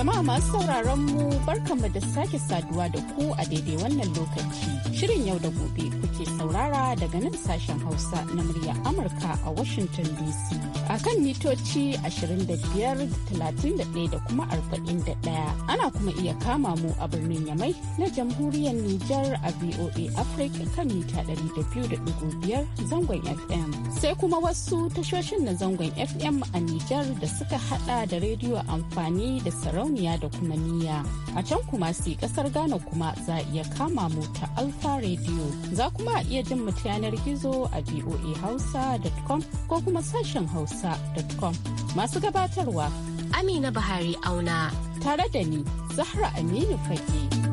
Jama'a masu sauraron mu barkanmu da sake saduwa da ku a daidai wannan lokaci. Shirin yau da gobe kuke saurara daga nan sashen Hausa na murya Amurka a Washington DC. A kan mitoci 25,31 da kuma 41. Ana kuma iya kama mu a birnin Yamai na jamhuriyar Nijar a VOA Africa kan mita 200.5 zangon FM. Sai kuma wasu tashoshin na zangon FM a Nijar da suka hada da rediyo amfani da sarau sarauniya da kuma niyya. A can kuma sai kasar Ghana kuma za a iya kama mu ta Alfa Radio. Za kuma a iya jin mu yanar gizo a voahausa.com ko kuma sashen hausa.com. Masu gabatarwa Amina Buhari Auna. Tare da ni Zahra Aminu Fage.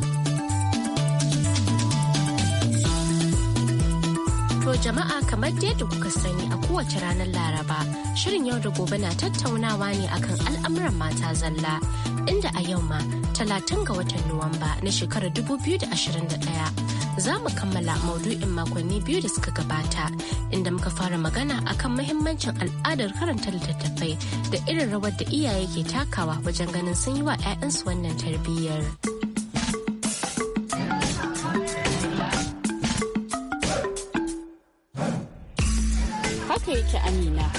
To jama'a kamar yadda kuka sani a kowace ranar Laraba, shirin yau da gobe na tattaunawa ne akan al'amuran mata zalla inda a yau ma 30 ga watan Nuwamba na shekarar 2021 za mu kammala maudu'in makonni biyu da suka gabata inda muka fara magana akan mahimmancin al'adar karanta littattafai da irin rawar da iyaye ke takawa wajen ganin sun yi wa 'ya'yansu wannan tarbiyyar. haka yake amina.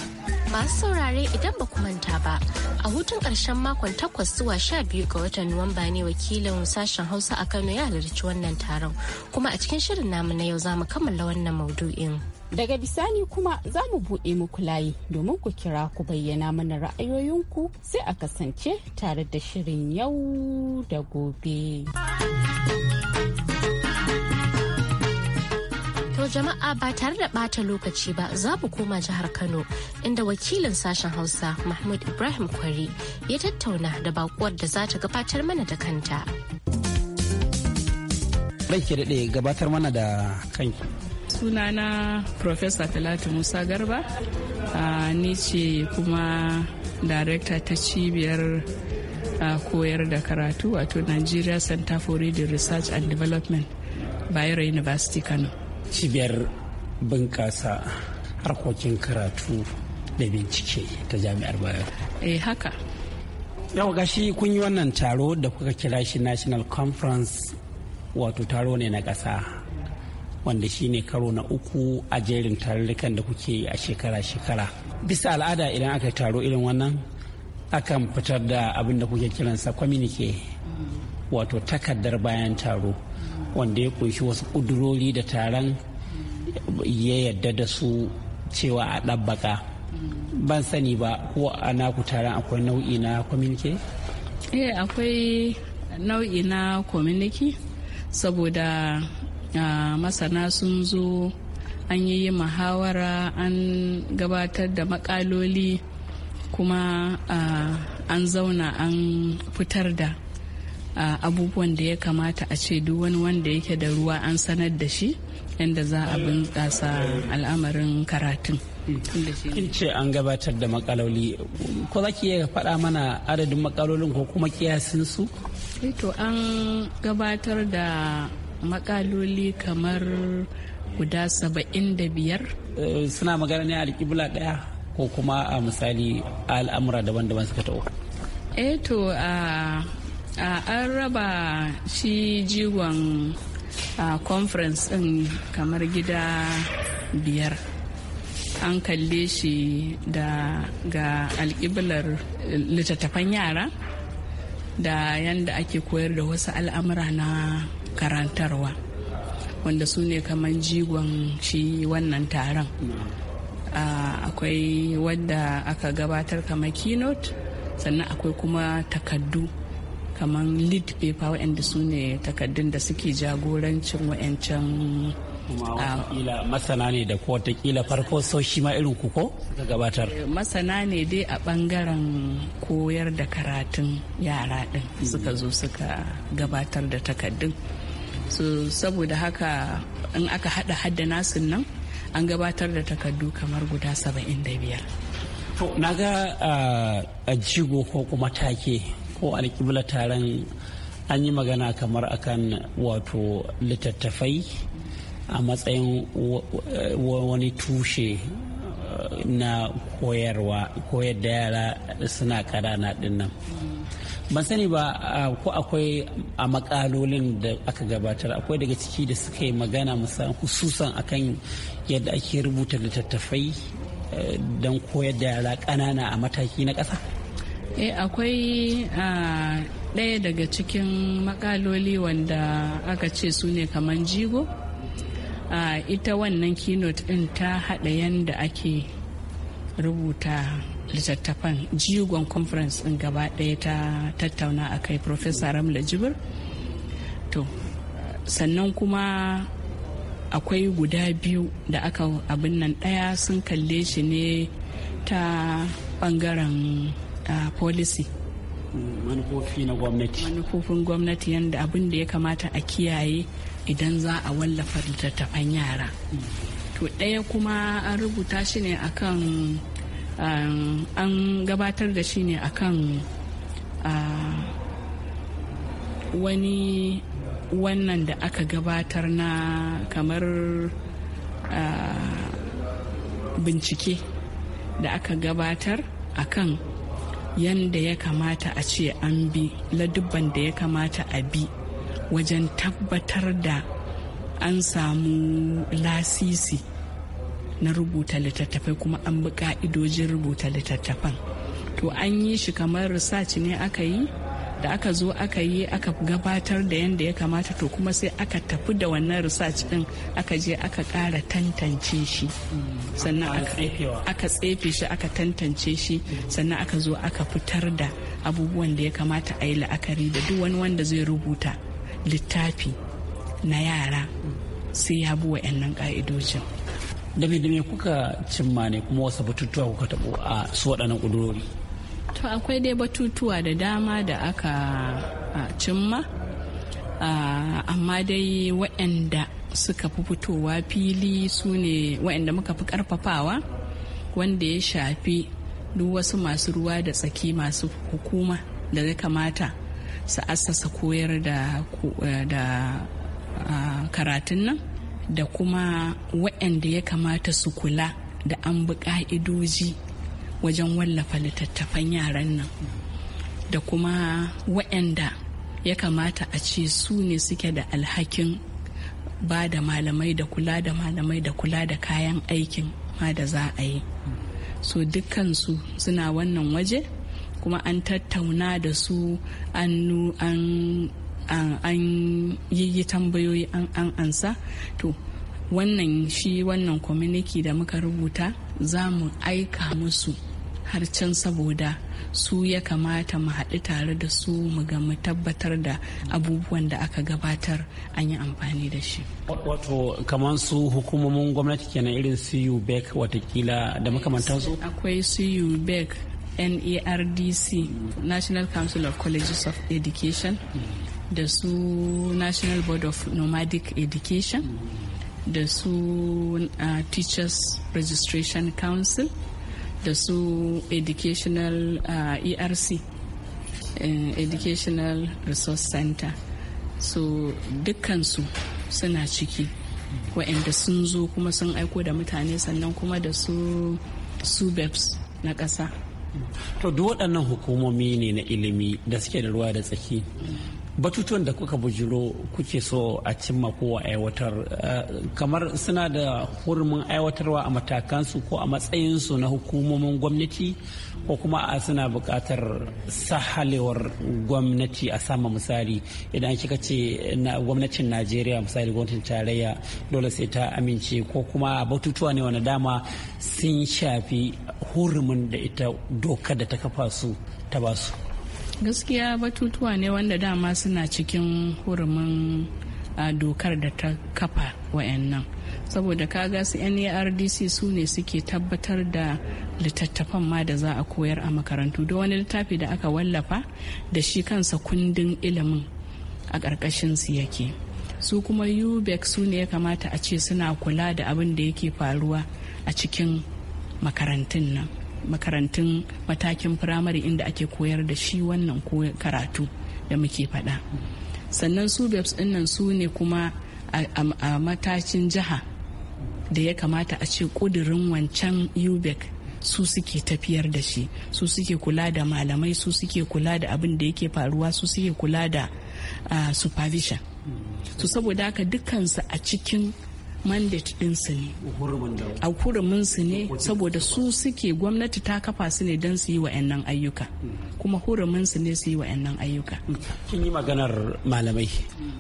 Masu saurare idan ba ku manta ba, a hutun ƙarshen makon takwas zuwa sha biyu ga watan Nuwamba ne wakilin sashen Hausa a Kano ya halarci wannan taron, kuma a cikin shirin namu na yau za mu kammala wannan maudu'in. Daga bisani kuma za mu buɗe muku layi domin ku kira ku bayyana mana ra'ayoyinku sai a kasance tare da shirin yau da gobe. jama'a ba tare da bata lokaci ba za mu koma jihar Kano inda wakilin sashen Hausa Mahmud Ibrahim Kwari ya tattauna da bakuwar da za ta gabatar mana da kanta. Rai ke daɗe gabatar mana da kanki. Sunana Profesa Talatu Musa Garba, ni ce kuma darekta ta cibiyar koyar da karatu wato Nigeria Center for Reading Research and Development, Bayero University Kano. cibiyar bunƙasa harkokin karatu da bincike ta jami'ar bayan eh haka yau gashi kun yi wannan taro da kuka kira shi national conference wato taro ne na ƙasa wanda shi ne karo na uku a jerin tarurrukan da kuke a shekara-shekara bisa al'ada idan aka taro irin wannan akan fitar da abin da kuke kiransa kwaminike wato takardar bayan taro wanda ya kunshi wasu kudurori da taron ya yadda da su cewa a ɗabbaka ban sani ba ko a naku taron akwai nau'i na kwaminke? eh akwai nau'i na kwaminiki saboda ah, masana sun zo an yi muhawara an gabatar da makaloli kuma ah, an zauna an fitar da abubuwan da ya kamata a ce duk wani wanda yake da ruwa an sanar da shi yadda za a bunƙasa al'amarin karatun. kin ce an gabatar da makaloli ko za ki iya faɗa mana adadin makalolin ko kuma kiyasin su? Eh to an gabatar da makaloli kamar guda saba'in da biyar. Eh, suna magana ne a alƙibla ɗaya ko kuma a misali al'amura daban-daban suka ta'o. eh to a an raba shi jigon conference din kamar gida biyar an kalle shi da ga alƙiblar littattafan yara da yadda ake koyar da wasu al'amura na karantarwa wanda su ne kamar jigon shi wannan taron akwai wadda aka gabatar kamar keynote sannan akwai kuma takaddu kamar lead paper waɗanda su ne takardun da suke jagorancin waɗancan ah, kila masana ne da ko watakila farko sau shi ma irin kuko suka gabatar eh, masana ne dai a bangaren koyar da karatun yara din suka zo suka gabatar da takaddun so saboda haka in aka hada hadda nasun nan an gabatar da takardu kamar guda saba'in da biyar to na ga ah, jigo ko kuma take ko an kibla taron an yi magana kamar akan wato littattafai a matsayin wani tushe uh, na koyarwa koyar da yara suna na dinnan ban sani ba ko akwai a makalolin da aka gabatar akwai daga ciki da suka yi magana musamman hususan akan yadda ake rubuta littattafai uh, don koyar da yara ƙanana a mataki na ƙasa eh akwai ah, ɗaya daga cikin makaloli wanda aka ce su ne kamar jigo a ah, ita wannan keynote ɗin ta haɗa yadda ake rubuta littattafan jigon conference ɗin gaba ɗaya ta tattauna a kai professor ramla jibir to sannan kuma akwai guda biyu da aka abin nan ɗaya sun kalle shi ne ta ɓangaren uh, policy manufofi na gwamnati manufofin gwamnati yadda abin da ya kamata a kiyaye idan za a wallafa littattafan yara to ɗaya kuma an rubuta shi ne akan um, an gabatar da shi ne akan uh, wani wannan da aka gabatar na kamar uh, bincike da aka gabatar akan yanda ya kamata a ce an bi ladubban da ya kamata a bi wajen tabbatar da an samu lasisi na rubuta littattafai kuma an bi ka'idojin rubuta littattafan to an yi shi kamar research ne aka yi da aka zo aka yi aka gabatar da yanda ya kamata to kuma sai aka tafi da wannan research din aka je aka kara tantance shi mm. sannan aka tsefe shi aka tantance shi sannan aka zo aka fitar da abubuwan da ya kamata a yi la'akari da duk wani wanda zai rubuta littafi na yara sai ya bi wa'annan ƙa'idojin da me kuka cimma ne kuma wasu batutuwa kuka taɓo a su waɗannan ƙudurori to akwai dai batutuwa da dama da aka cimma amma dai waɗanda suka fi fitowa fili su ne waɗanda muka fi karfafawa wanda ya shafi duk wasu masu ruwa da tsaki masu hukuma da ya kamata su assasa koyar da, eh, ah, karatun nan da kuma waɗanda ya kamata su kula da an bi ƙa'idoji wajen wallafa littattafan yaran nan da kuma waɗanda ya kamata a ce su ne suke da alhakin ba da malamai da kula da malamai da kula da kayan aikin ma da za a yi so dukkansu suna wannan waje kuma an tattauna da su an yi tambayoyi an ansa to wannan shi wannan kwaminiki da muka rubuta za mu aika musu har can saboda su ya kamata mu haɗu tare da su mu ga mu tabbatar da abubuwan da aka gabatar an yi amfani da shi. Wato kamar su hukumomin gwamnati kenan irin su bec watakila da makamantansu? Akwai su bec NARDC National Council of Colleges of Education da su National Board of Nomadic Education da su uh, Teachers Registration Council. da su educational uh, erc eh, educational resource center so dukkansu suna ciki wa'anda sun zo kuma sun aiko da mutane sannan kuma da su subebs na kasa. to duk waɗannan hukumomi ne na ilimi da suke da ruwa da tsaki batutuwan da kuka bujiro kuke so a cimma ko a aiwatar eh, kamar suna da hurumin aiwatarwa a matakansu ko a matsayinsu na hukumomin gwamnati ko kuma a suna bukatar sahalewar gwamnati a sama misali idan kika ce na gwamnatin najeriya misali gwamnatin tarayya dole sai ta amince ko kuma batutuwa ne wani dama sun shafi hurumin da ita doka da ta kafa su ta basu gaskiya batutuwa ne wanda dama suna cikin hurumin dokar da ta kafa wayannan saboda kaga su nardc su ne suke tabbatar da littattafan ma da za a koyar a makarantu da wani littafi da aka wallafa da shi kansa kundin ilimin a karkashin su yake su kuma ubec su ne ya kamata a ce suna kula da abin da yake faruwa a cikin makarantun nan makarantun matakin firamare inda ake koyar da shi wannan karatu da muke faɗa sannan su beps nan su ne kuma a matacin jiha da ya kamata a ce ƙudurin wancan ubec su suke tafiyar da shi su suke kula da malamai su suke kula da abin da yake faruwa su suke kula da ah, supervision su saboda haka dukansu a cikin mandate ɗinsu ne a hurumin su ne saboda su suke gwamnati ta kafa su ne don su yi wa'annan ayyuka kuma hurumin su ne su yi wa'annan ayyuka kin yi maganar malamai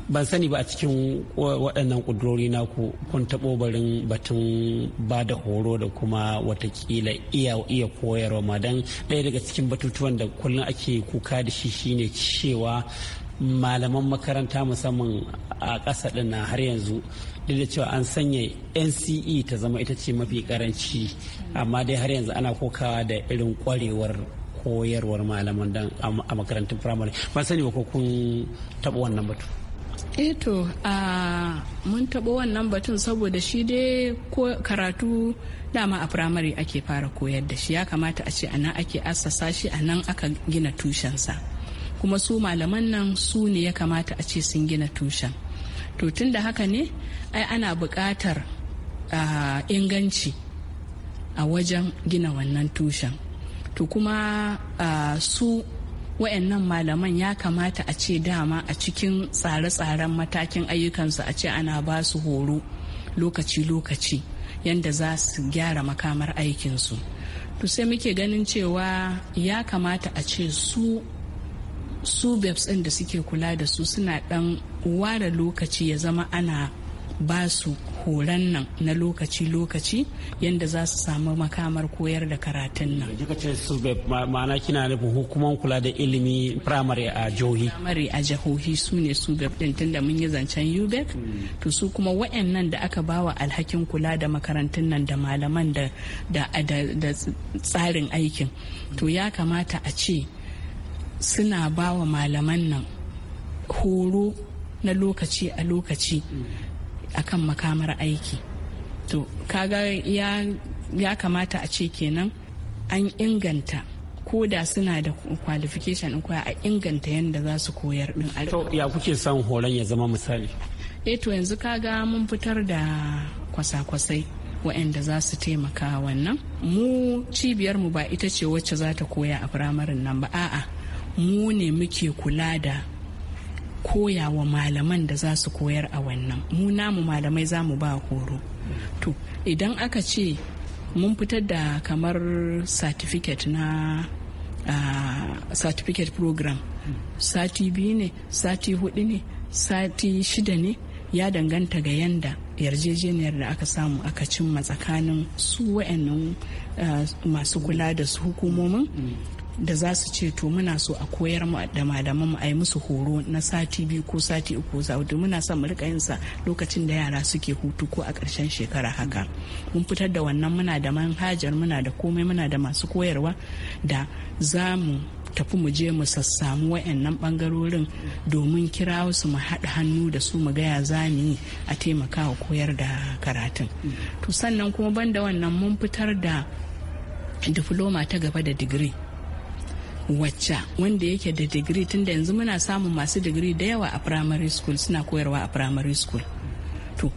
ban sani ba a cikin waɗannan ƙudurori na ku kun taɓo barin batun ba da horo da kuma watakila iya iya koyarwa ma don ɗaya daga cikin batutuwan da kullum ake kuka da shi shine cewa malaman makaranta musamman a ƙasa ɗin har yanzu duk da cewa an sanya nce ta zama ita ce mafi karanci amma dai har yanzu ana kokawa da irin kwarewar koyarwar malaman dan a makarantun firamare ban sani ba ko kun taɓa wannan batu eto eh a mun taɓa wannan batun saboda shi dai karatu dama a firamare ake fara koyar da shi ya kamata a ce a nan ake assasa shi a nan aka gina tushensa kuma su malaman nan su ne ya kamata a ce sun gina tushen to tun da haka ne ai ana buƙatar inganci a wajen gina wannan tushen to kuma su wayannan malaman ya kamata a ce dama a cikin tsare-tsaren matakin ayyukansu a ce ana ba su horo lokaci-lokaci yadda za su gyara makamar aikinsu to sai muke ganin cewa ya kamata a ce su su babes ɗin da suke kula da su suna ɗan ware lokaci ya zama ana ba su horon nan na lokaci-lokaci yadda za su samu makamar koyar da karatun nan. Jika ce su ma'ana kina nufin hukuman kula da ilimi firamare a jihohi. Primary a jihohi su ne su din da mun yi zancen UBEC hmm. to su kuma wa'annan da aka bawa alhakin kula da makarantun nan da malaman da tsarin aikin to ya kamata a ce suna ba wa malaman nan horo na lokaci a lokaci kan makamar aiki to kaga ya, ya kamata a ce kenan an inganta ko da suna da qualification in koya a inganta yadda za su koyar din to ya kuke son horon ya zama misali eh to yanzu kaga mun fitar da kwasa-kwasai waɗanda za su taimaka wannan mu cibiyarmu ba ita ce wacce za ta koya a firamarin nan ba a'a mu ne muke kula da koyawa malaman da za su koyar a wannan mu namu malamai za mu ba horo to idan aka ce mun fitar da kamar certificate na uh, certificate program sati biyu ne sati hudu ne sati shida ne ya danganta ga yanda yarjejeniyar da aka samu aka cimma tsakanin su wa'annan masu kula da su hukumomin da za su ce to muna so a koyar mu da malaman mu a musu horo na sati biyu ko sati uku za sati muna son mu rika yin sa lokacin da yara suke hutu ko a ƙarshen shekara haka mun fitar da wannan muna da manhajar muna da komai muna da masu koyarwa da za mu tafi mu je mu sassamu wayannan bangarorin domin kira su mu haɗa hannu da su mu gaya za mu yi a taimakawa koyar da karatun to sannan kuma banda wannan mun fitar da difloma ta gaba da digiri wacce wanda yake da digiri tunda yanzu muna samun masu digiri da yawa a primary school suna koyarwa a primary school to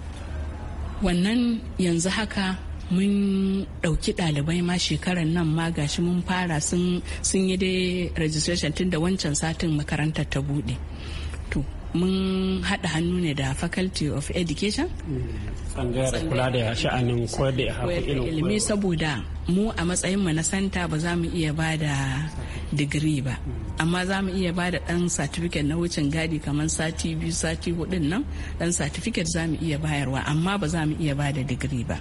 wannan yanzu haka mun ɗauki ɗalibai ma shekarar nan ma gashi mun fara sun yi dai registration tun wancan satin makarantar ta buɗe to mun haɗa hannu ne da faculty of education tsangayar kula da sha'anin koyar da ilimi saboda mu a matsayinmu na santa ba za mu iya ba da digiri ba amma za mu iya ba da ɗan satifiket na wucin gadi kamar sati biyu sati hudun nan ɗan satifiket za mu iya bayarwa amma ba za mu iya ba da digiri ba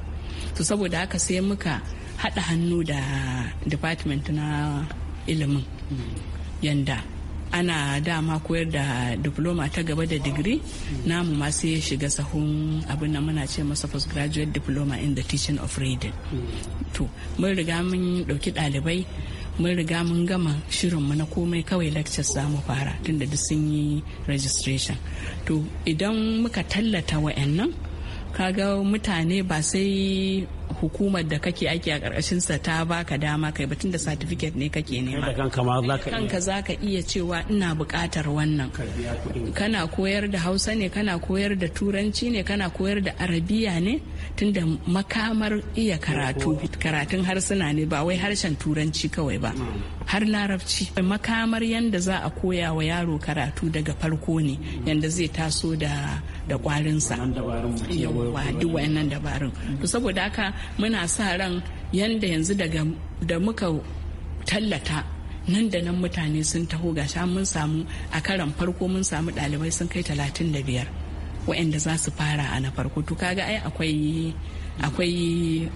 to saboda haka sai muka haɗa hannu da department na ilimin yanda ana dama koyar da diploma ta gaba da digiri namu ma sai ya shiga sahun abin nan muna ce masa postgraduate diploma in the teaching of reading to mun riga mun ɗauki ɗalibai mun riga mun gama mu na komai kawai lectures za mu fara tunda duk sun yi registration to idan muka tallata wa'annan kaga mutane ba sai hukumar da kake aiki a karkashin sa ta baka dama kai batun da certificate ne kake nema kanka za ka iya cewa ina buƙatar wannan kana koyar da hausa ne kana koyar da turanci ne kana koyar da arabiya ne tunda makamar iya karatu karatun harsuna ne ba wai harshen turanci kawai ba mm. har larabci makamar yanda za a koya wa yaro karatu daga farko ne yanda zai taso da da kwarinsa yawwa duk wayannan dabarun mm. to saboda haka muna sa ran yanda yanzu daga da muka tallata nan da nan mutane sun taho gasha mun samu a karan farko mun samu ɗalibai sun kai talatin da biyar waɗanda za su fara a na farko to kaga ai akwai akwai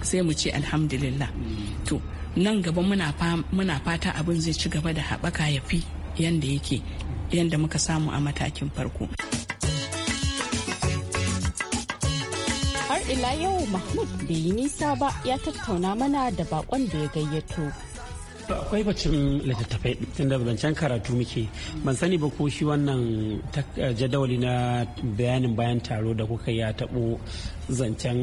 sai mu ce alhamdulillah mm. to nan gaba muna fata abin zai ci gaba da haɓaka ya fi yadda yake yadda muka samu a matakin farko. Har ila yau Mahmud bai yi nisa ba ya tattauna mana da bakon da ya gayyato. akwai bacin littattafai da zancen karatu muke ban sani ba ko shi wannan eh, jadawali na bayanin bayan taro da kuka ya taɓo zancen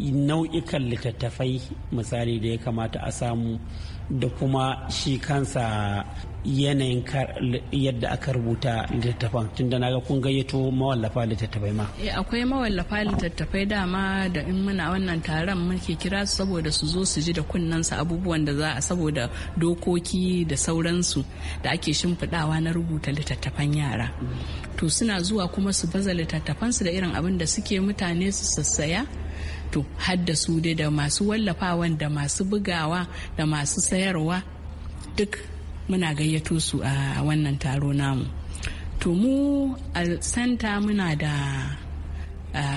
nau'ikan littattafai misali da ya kamata a samu da kuma shi kansa yanayin yadda aka rubuta littattafan tun da ga kun gayyato mawallafa littattafai ma eh, akwai mawallafa littattafai dama da in muna wannan taron muke kira su saboda su zo su ji da su abubuwan da za a saboda dokoki da sauransu da ake shimfiɗawa na rubuta littattafan yara to suna zuwa kuma su baza littattafansu da irin abin da suke mutane su sassaya to hadda su dai da masu wallafawan da masu bugawa da masu sayarwa duk muna gayyato su a wannan taro namu to mu a santa muna da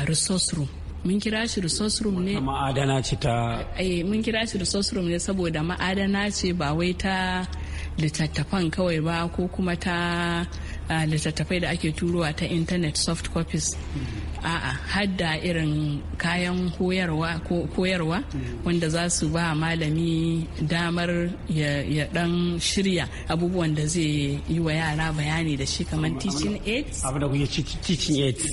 resource room mun kira shi resource room ne ma'adana ce ta eh mun kira shi resource room ne saboda ma'adana ce ba wai ta littattafan kawai ba ko kuma ta a littattafai da ake turowa ta intanet soft copies a'a hadda irin kayan koyarwa wanda za su ba malami damar ya dan shirya abubuwan da zai yi wa yara bayani da shi kamar teaching aids abu da kuke teaching aids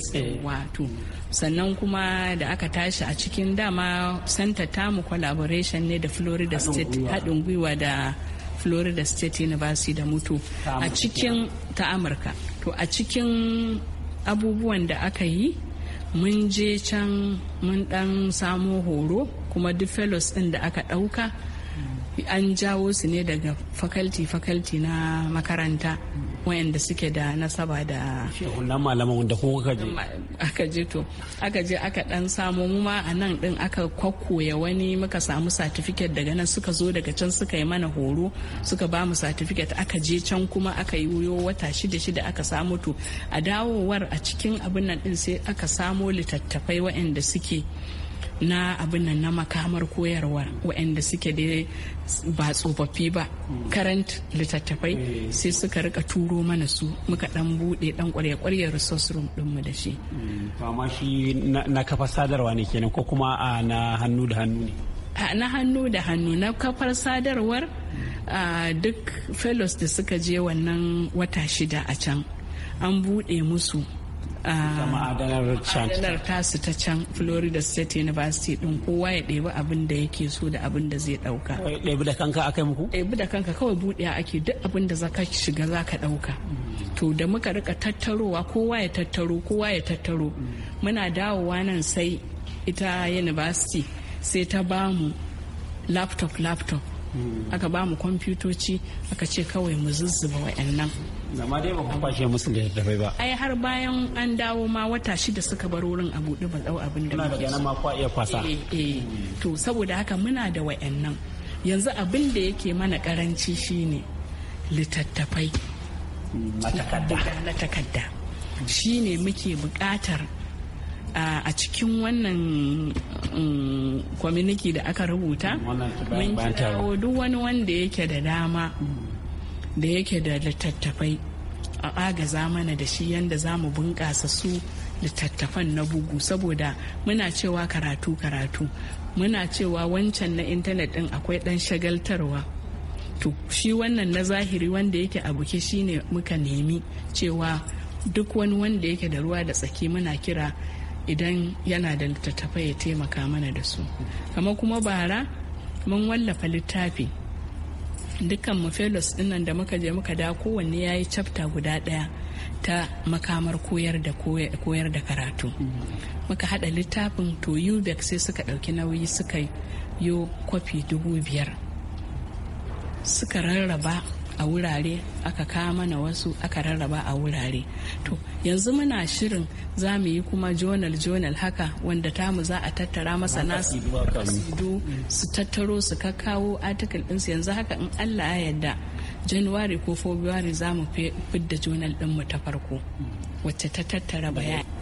wato sannan kuma da aka tashi a cikin dama center tamu collaboration ne da florida state haɗin gwiwa da florida state university da mutu a cikin ta amurka to a cikin abubuwan da aka yi mun je can mun dan samo horo kuma duk fellows din da aka dauka hmm. an jawo su ne daga faculty faculty na makaranta hmm. wayanda suke da nasaba da wannan malaman wanda ko kuka je aka je to aka je aka dan samu mu ma a nan din aka kwakkoya wani muka samu certificate daga nan suka zo daga can suka yi mana horo suka ba mu certificate aka je can kuma aka yi wuyo wata shida shida aka samu to a dawowar a cikin abin nan din sai aka samo littattafai wayanda suke na abin nan na makamar koyarwa waɗanda suke da ba tsofaffi ba current littattafai sai suka rika turo mana su muka dan bude dan kwarya kwarya resource room dinmu da shi mm, to amma shi na kafa sadarwa ne kenan ko kuma a na hannu da hannu ne na hannu da hannu na kafar sadarwar duk fellows da suka je wannan wata shida a can an buɗe musu ma'adanar ah, tasu ta can florida state university din kowa ya ɗebi abin da yake so da abin da zai ɗauka ɗebi da kanka akai muku ɗebi da kanka kawai buɗe ake duk abin da zaka shiga zaka ɗauka mm-hmm. to da muka rika tattarowa kowa ya tattaro kowa ya tattaro mm-hmm. muna dawowa nan sai ita university sai ta bamu laptop laptop mm-hmm. aka bamu kwamfutoci aka ce kawai mu zuzzuba wa'annan amma dai ba bashi musu da littattafai ba ai har bayan an dawo ma wata shida suka bar wurin a buɗe ba abin da muna da ma kwa iya kwasa eh, eh, eh. to saboda haka muna da wayannan yanzu abin da yake mana karanci shine littattafai na takarda shine muke buƙatar a cikin wannan kwaminiki mm, da aka rubuta mun kirawo duk wani wanda yake da dama mm. da yake da littattafai a agaza mana da shi yadda za mu bunƙasa su littattafan na bugu saboda muna cewa karatu karatu muna cewa wancan na intanet ɗin akwai ɗan shagaltarwa to shi wannan na zahiri wanda yake a buke shine muka nemi cewa duk wani wanda yake da ruwa da tsaki muna kira idan yana da littattafai ya taimaka mana da su kama kuma bara mun wallafa littafi dukkan mu fellows dinnan da muka je muka da kowanne ya yi chapter guda daya ta makamar koyar da koyar da karatu mm-hmm. muka hada littafin to ubec sai suka ɗauki nauyi suka yi kwafi dubu biyar suka rarraba a wurare aka kawo mana wasu aka rarraba a wurare to yanzu muna shirin za mu yi kuma jonal jonal haka wanda tamu za a tattara masa nasu su tattaro su kakkawo article ɗinsu yanzu haka in allah ya yarda januwari ko february za mu fidda jonal ɗinmu ta farko wacce ta tattara bayani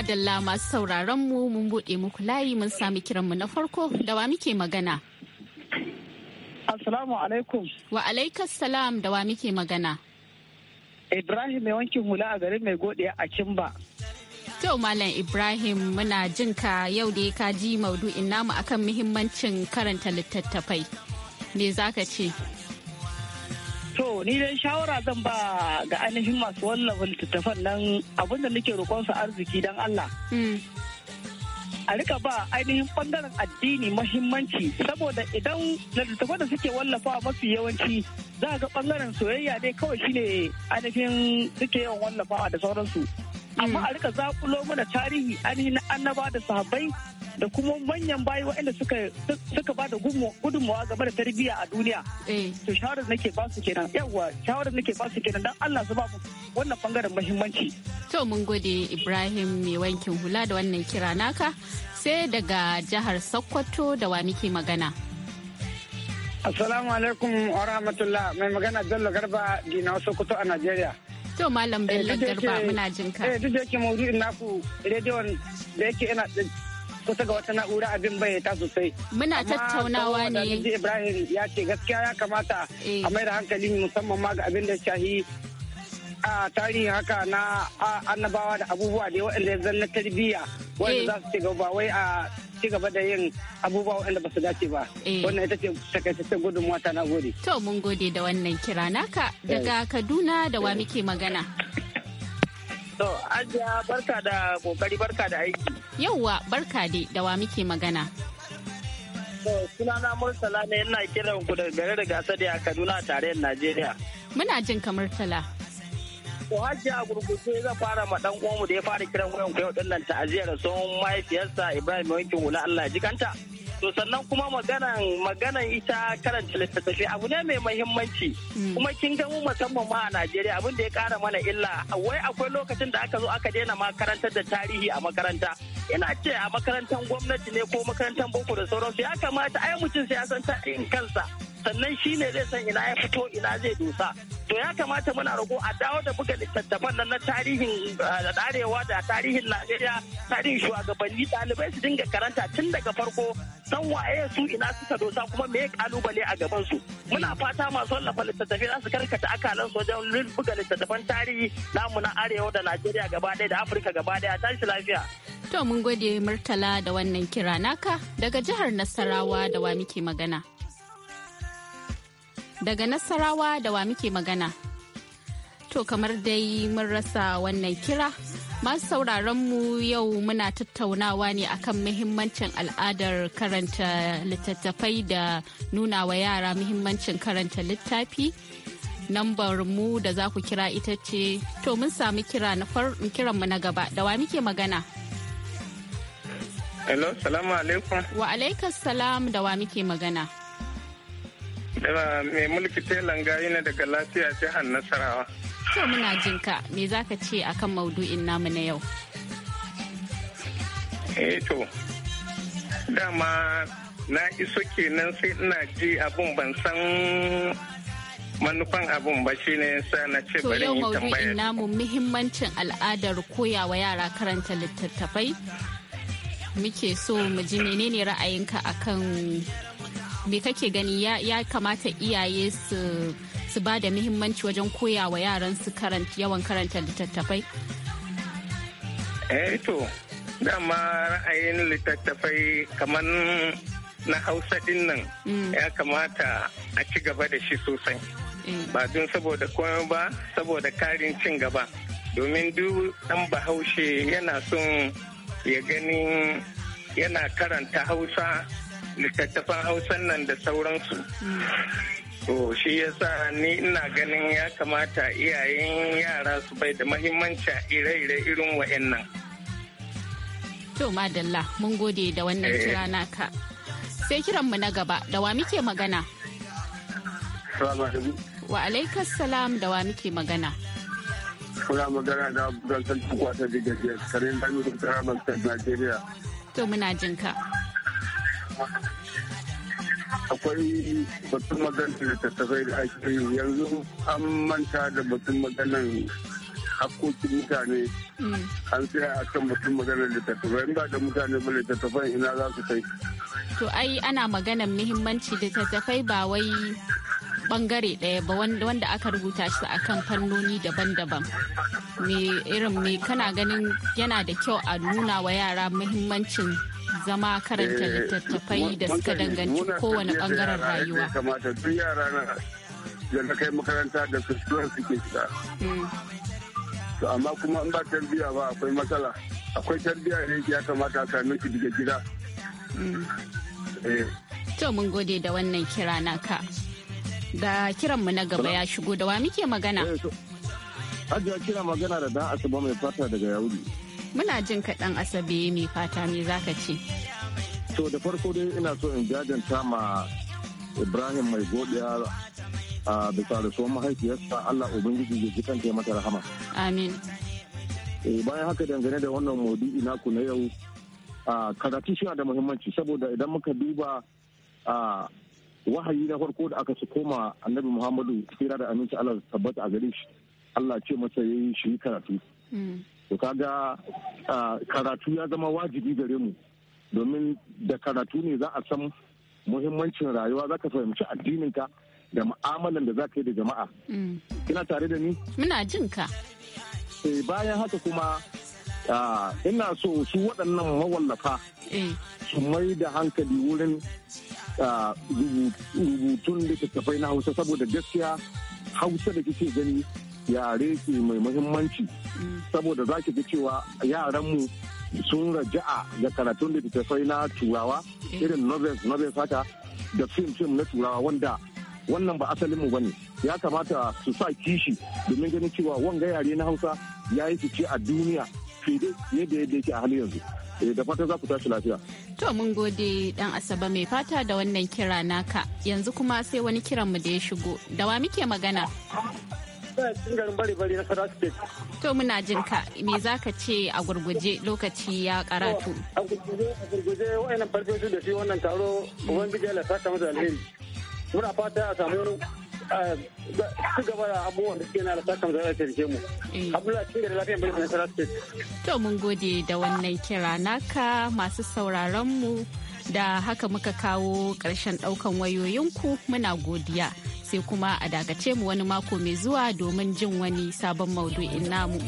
madalla masu sauraron mu mun bude muku layi mun sami kiran mu na farko da wa muke magana. Assalamu alaikum. Wa alaikas salam da wa muke magana. Ibrahim mai wankin hula a garin mai godiya a Kimba. To Malam Ibrahim muna jin ka yau da ka ji maudu'in namu akan muhimmancin karanta littattafai. Me zaka ce? To ni dai shawara zan ba ga ainihin masu wallafa littattafan nan abinda nake su arziki don Allah. Hmm. a rika ba ainihin bangaren addini mahimmanci saboda idan littattafan da suke wallafa mafi yawanci za ga ɓangaren soyayya ne kawai shine ainihin suke yawan wallafawa da sauransu amma mm. a rika zakulo mana tarihi na annaba da sahabbai da kuma manyan bayi waɗanda suka suka ba da gudunmawa game da tarbiyya a duniya eh. to shawarar nake ba su kenan yawa shawarar nake ba su kenan dan Allah su ba mu wannan bangaren muhimmanci to mun gode Ibrahim mai wankin hula da wannan kira naka sai daga jihar Sokoto da wa muke magana Assalamu alaikum wa rahmatullah mai magana Bello Garba Dinawa Sokoto a Najeriya To Malam eh, Bello Garba muna jin ka. Eh duk da yake maudu'in naku rediyon da yake ina kusa ga wata na'ura abin bai ta sosai. Muna tattaunawa ne. Amma Ibrahim ya ce gaskiya ya kamata eh. a mai da hankali musamman ma ga abin da shahi a tarihi haka na annabawa da abubuwa da waɗanda ya zanna tarbiyya wanda eh. za su ce ba wai a ci gaba da yin abubuwa waɗanda ba su dace ba eh. wannan ita ce takaitaccen gudunmuwa ta na gode to mun gode da wannan kira naka daga eh. kaduna da wa muke magana to ajiya barka da kokari barka da aiki yauwa barka dai da wa muke magana sunana murtala ne yana kiran ku daga garin gasar a kaduna tarayyar najeriya muna jin ka murtala To hajji a gurgurce zai fara ma dan uwanmu da ya fara kiran wayan ku yau din nan ta'aziyar son mahaifiyarsa Ibrahim Wankin Wula Allah jikanta. to sannan kuma maganan maganan ita karanta littattafai abu ne mai muhimmanci mm. kuma kin ga mu musamman ma a Najeriya abin da ya kara mana illa wai akwai lokacin da aka zo aka daina ma karantar da tarihi a makaranta ina ce a makarantar gwamnati ne ko makarantar boko da sauransu ya kamata ai mutum sai ya san tarihin kansa sannan shi ne zai san ina ya fito ina zai dosa to ya kamata muna roƙo a dawo da buga littattafan nan na tarihin eh, da arewa da tarihin najeriya tarihin shugabanni ɗalibai su dinga karanta tun daga farko san waye su ina suka dosa kuma me kalubale a gaban su muna fata masu wallafa littattafai za su karkata akalan su wajen buga littattafan tarihi namu na arewa da najeriya gaba ɗaya da afirka gaba ɗaya tashi lafiya To mun gode Murtala da wannan kira naka daga jihar Nasarawa da wa muke magana. Daga Nasarawa da wa muke magana. To kamar dai mun rasa wannan kira. Masu sauraronmu yau muna tattaunawa ne akan muhimmancin al'adar karanta littattafai da nuna wa yara muhimmancin karanta littafi. Nambar mu da za ku kira ita ce, to mun sami kira na kiran mu na gaba da wa muke magana. Hello, salamu alaikum. Wa alaikas salam da wa muke magana. Daga mai mulki telanga na daga lafiya jihar Nasarawa. To muna jinka me za ka ce akan maudu'in namu na yau? Eh to, dama na iso kenan sai ina ji abun ban san manufan abun ba shi ne sa na ce bari yi tambaya. To yau namu muhimmancin al'adar koyawa yara karanta littattafai. Muke so mu ji menene ra'ayinka akan me kake gani ya kamata iyaye su ba da muhimmanci wajen koya wa yaran su yawan karanta littattafai? eh to dama ra'ayin littattafai kamar na hausa din nan mm. ya kamata a ci gaba da shi sosai eh. ba don saboda koyon ba saboda karin cin gaba domin duk dan bahaushe yana son ya gani yana karanta hausa littattafan hausan nan da sauransu to shi yasa ni ina ganin ya kamata iyayen yara su bai da mahimmanci ire-ire irin wa'annan to madalla mun gode da wannan eh. kira naka sai kiranmu na gaba da wa muke magana wa alaikas salam da wa muke magana kuna magana da kan tukwata da gajiyar karin da mutum tsaramar najeriya to muna jinka akwai batun maganar littattafai da ake yanzu an manta da batun maganar hakkokin mutane mm. an sai a kan batun maganar littattafai in ba da mutane ba littattafan ina za su kai to ai ana maganar muhimmanci littattafai ba wai bangare ɗaya ba wanda aka rubuta shi a kan fannoni daban-daban me irin me kana ganin yana da kyau a nuna wa yara muhimmancin zama karanta eh, littattafai da suka danganci kowane bangaren rayuwa. kamata duk yara na da na kai makaranta da su suke shiga. Hmm. To amma kuma in ba tarbiyya ba akwai matsala. Akwai tarbiyya ne ya kamata a nufi daga gida. Hmm. Eh. To mun gode da wannan kira naka. Da kiranmu na gaba ya shigo da wa muke magana? Eh, Hajiya kira magana da dan asuba mai fata daga Yahudi. Muna jin kaɗan asabe mai fata me zaka ce. To da farko dai ina so in jajanta ma Ibrahim mai godiya a bisa da so mahaifiyarsa Allah Ubangiji ya ji kanta mata rahama. Amin. Eh, bayan haka dangane da wannan ina ku na yau karatu shi da muhimmanci saboda idan muka duba wahayi na farko da aka su koma annabi Muhammadu tsira da aminci Allah tabbata a gare shi Allah ce masa yayi shi karatu. Hmm. to kaga karatu ya zama wajibi gare mu domin da karatu ne za a san muhimmancin rayuwa za ka fahimci addininka da mu'amalan da za ka yi da jama'a mm. kina tare da ni muna jin ka eh, bayan haka kuma ina so su waɗannan mawallafa eh. su mai da hankali wurin rubutun littattafai na hausa saboda gaskiya hausa da kike gani yare ce mai muhimmanci saboda za ki ga cewa mu sun raja'a da karatun da littattafai na turawa irin novels novels haka da fim fim na turawa wanda wannan ba asalinmu ba ne ya kamata su sa kishi domin ganin cewa wanga yare na hausa ya yi fice a duniya fide yadda yadda yake a halin yanzu eh, da fata za ku tashi lafiya. To mun gode dan Asaba mai fata da wannan kira naka yanzu kuma sai wani kiran mu da ya shigo da wa muke magana. garin bari bari na Sarawak State. To muna jin ka me za ka ce a gurguje lokaci ya karatu. A gurguje a gurguje wa'annan su da shi wannan taro Ubangiji Allah ta samu zalim. Muna fata a samu su gaba da abubuwan da suke na da sakan zai rike mu. Eh. Abdullahi cikin gari lafiyan bari na Sarawak State. To mun gode da wannan kira naka masu sauraron mu da haka muka kawo ƙarshen ɗaukan wayoyinku muna godiya. sai kuma a dagace mu wani mako mai zuwa domin jin wani sabon maudu'in namu.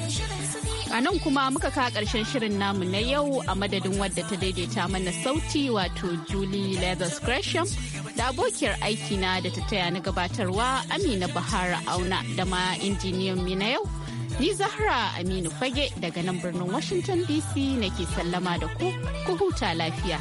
A nan kuma muka ka ƙarshen shirin namu na yau a madadin wadda ta daidaita mana sauti wato Julie Leathers Gresham da abokiyar aiki na da ta taya na gabatarwa Amina Bahara Auna da ma injiniyan mi na yau. Ni Zahra Aminu Fage daga nan birnin Washington DC nake sallama da ku, ku huta lafiya.